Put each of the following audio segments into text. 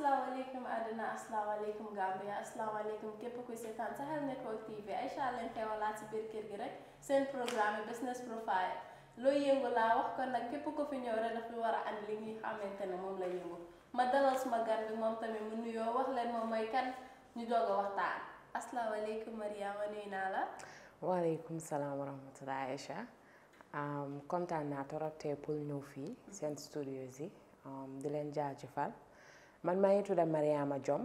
asalaamaaleykum àddina asalaamaaleykum Gambia asalaamaaleykum képp kuy seetaan Sahel Network TV Aïcha leen xewalaat si biir kër gi rek seen programme business profile loo yëngu laa wax kon nag képp ku fi ñëw rek daf lu war a ànd li ñuy xamante ne moom la yëngu ma dalal suma gan bi moom tamit mu nuyoo wax leen moom mooy kan ñu doog a waxtaan asalaamaaleykum Mariama nuyu naa la. waaleykum salaam wa rahmatulah Aïcha kontaan naa fii seen studios yi di man maa ngi tudda Mariama Diom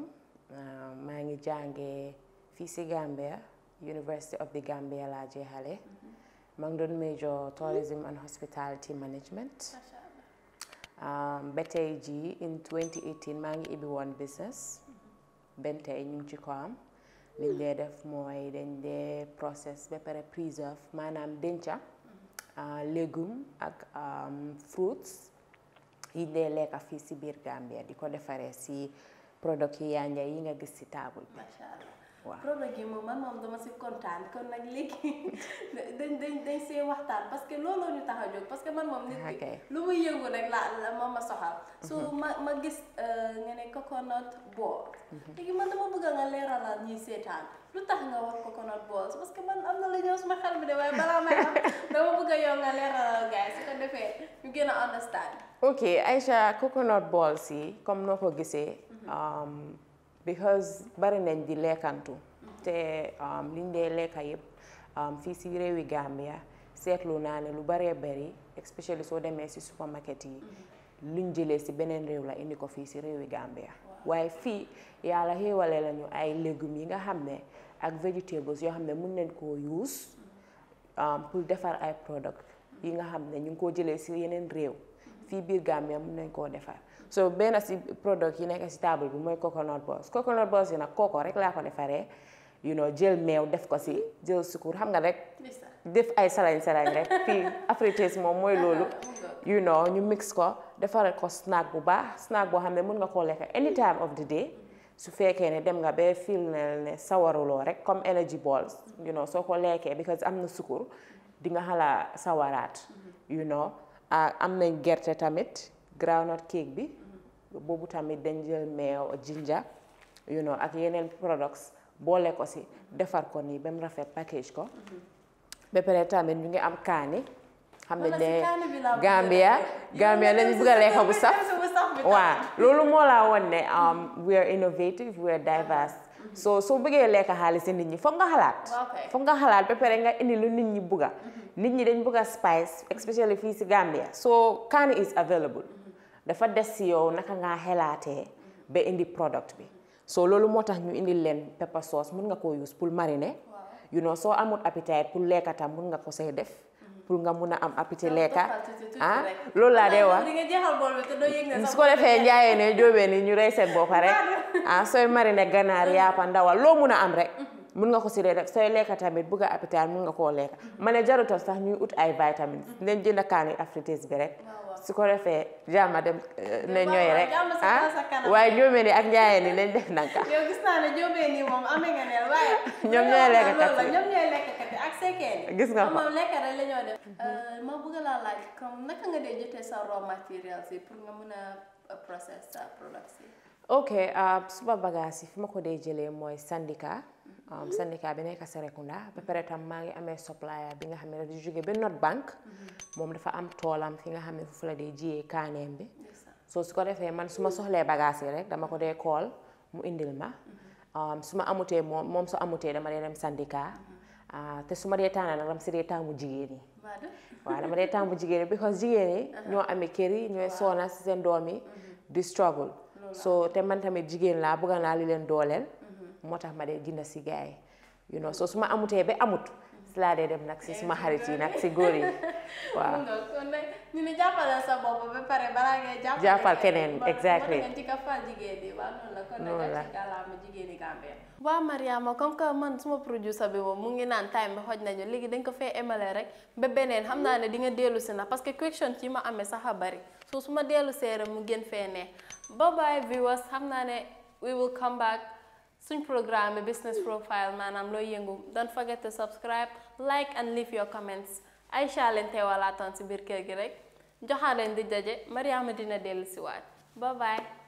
maa ngi jàngee fii si Gambia University of the Gambia laa jeexale mm-hmm. maa ngi doon major tourism and hospitality management um, ba tey in 2018 maa ngi ibbi woon business mm-hmm. benn tey ñu ngi ci ko am liñ def mooy dañ dee process ba pare preserve maanaam denca mm-hmm. uh, légume ak um, fruits yiñ dee lekka fii si biir Gambia di ko defaree si produit yu yànja yi nga gis si taabul bi waaw problème gi moom man moom dama si kontaan kon nag léegi dañ dañ see waxtaan parce que looloo ñu tax a jóg parce que man moom nit ki lu muy yëngu rek la moom ma soxal su mhm. ma ma gis euh, nga ne coconut ball mhm. léegi man dama bëgg nga leeralal parce que bi bëgg a yow nga leeralal gars yi su defee ñu gën a understand ok Aïcha coconut balls yi comme noo ko gisee mhm. um, because bari nañ di lekkantu te um, liñ dee lekka yëpp um, fii si réewi Gambia seetlu naa ne lu baree bari especially soo demee si supermarket yi mm-hmm. luñ jëlee si beneen réew la indi ko fii si réewi Gambia waaye fii yàlla xéewale lañu ay légumes yi nga xam ne ak vegetables yoo xam ne mun nañ koo use mm-hmm. um, pour defar ay product yi nga xam ne ñu ngi koo jëlee si yeneen réew fii biir Gambia mun nañ koo defar so benn si produit yi nekk si table bi mooy coconut balls coconut balls yi nag kooko rek laa ko defaree you noo jël meew def ko si jël sukur xam nga rek def ay salañ salañ rek fii africains moom mooy loolu oh you know ñu mix ko defaral ko snack bu baax snack boo xam ne mun nga koo lekk any time of the day su fekkee ne dem nga ba fil ne ne sawaruloo rek comme energy balls you soo ko lekkee because am na sukur di nga xala sawaraat mm-hmm. you know am nañ gerte tamit groundnut cake bi boobu tamit dañ jël meew ginger you know ak yeneen products boole ko si defar ko nii ba mu rafet package ko mhm. ba pare tamit ñu ngi am kaani xam nañ ne Gambia Gambia lañu bëgg a bu saf waaw loolu moo laa woon ne um, we are innovative we are diverse soo soo bëggee lekk xaalis nit ñi foog nga xalaat foog nga xalaat ba pare nga indi lu nit ñi bugga mhm. nit ñi dañ bugga spice especially fii si Gambia soo kaani is available mhm. dafa des si yow naka ngaa xelaatee ba indi product bi soo loolu moo tax ñu indi leen pepper sauce mun nga koo use pour marine you know soo amul appétit pour lekka tam mun nga ko say def mhm. pour nga mun a am appétit lekka ah loolu laa dee wax su ko defee njaayee ne jóobee ni ñu rey seen bopp rek ah sooy mariner ganaar mm-hmm. yaapa ndawal loo mun a am rek mun nga ko si dee def sooy lekka tamit bugg a appétit mun nga koo lekka mm-hmm. ma ne jarutal sax ñuy ut ay vitamines mm-hmm. nañ jënd kaani afritis bi rek su ko defee jaama dem eh, ne ñooy rek ah waaye joomee ni ak njaayee ni nañ def nanka nga yi ñoom ñooy yi ak sekkeen gis nga ko moom lekk rek euh, dee jotee sa raw matériel si pour nga mën a process sa production ok ah, suba bagage yi fi ma ko dee jëlee mooy syndicat ah, mhm. syndicat bi nekk Serekunda ba pare tam maa ngi amee supplier bi nga xam ne di jóge ba North Bank mhm. moom dafa am toolam fi nga xam ne foofu la dee jiyee kaaneem bi soo su ko defee man su ma soxlee bagage yi rek dama ko dee kool mu indil ma mhm. um, su ma amutee moom moom su amutee dama dee dem syndicat ah, te su ma dee tànn nag dama si dee taamu jigéen waa waaw dama dee taamu jigéen yi because jigéen yi uh-huh. ñoo amee kër yi ñooy soona si seen doom yi di struggle so te man tamit jigéen laa bëgg naa li leen dooleel mm-hmm. moo tax ma de ginna si gars yi you so su ma amutee ba amut si laa dee dem nag si suma xarit yi nag si góor yi waaw. kon nag ñu ne jàppale sa bopp ba pare balaa ngay jàppale. jàppal keneen exactly moo tax nga fal jigéen ñi waaw noonu la kon nag ci kàllaama jigéen ñi Gambie. waaw Mariama comme que man suma producer bi moom mu ngi naan time bi xoj nañu léegi dañ ko fee emale rek ba beneen xam naa ne di nga dellu si na parce que question ci ma amee sax a bari so su ma dellu mu gën fee ne bye bye viewers xam naa we will come back. suñ programme business profile maanaam looy yëngu don't forget to subscribe like and leave your comments Aïcha leen teewalaatoon si biir kër gi rek joxaan leen di daje Mariama dina dellu si waat bye